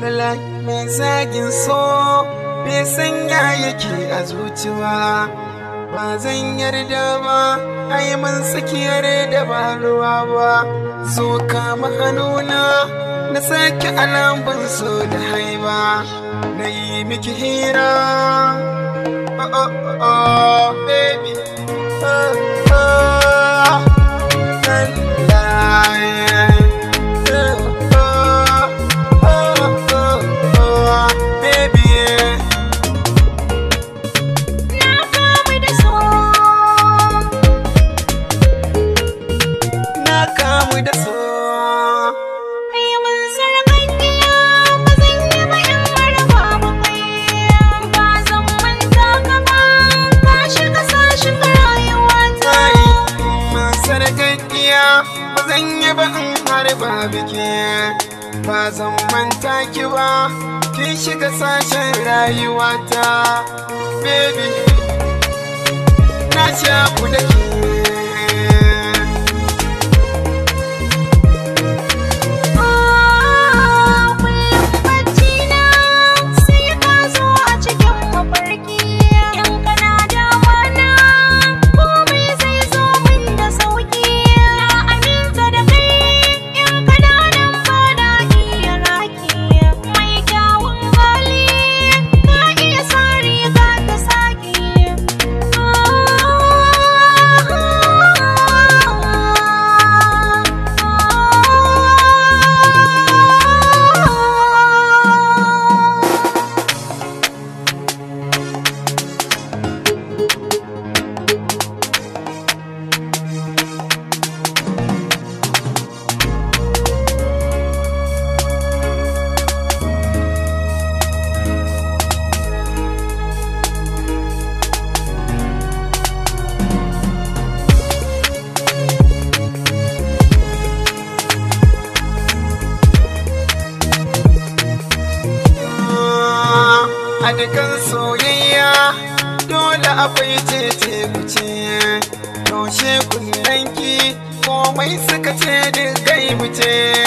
Lalai mai zagin so bai sanya yake a zuciya ba zan yarda ba ai mun tsakiyar da ba ruwa ba zo kama hannuna na sake alambun so da haiba na yi miki hira oh oh, oh, oh baby ah. biki ba zan manta ki ba kin shiga sashen rayuwata baby na ci abu da ke a soyayya dole akwai cece kuce yaushe danki komai suka ce din gai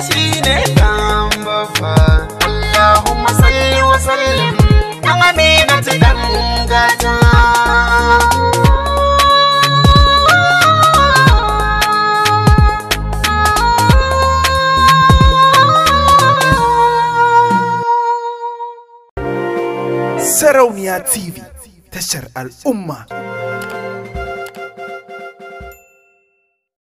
shine ne dan bafa Allahumma salli wa sallim dan aminatu dan gata Sarauniya TV tashar al'umma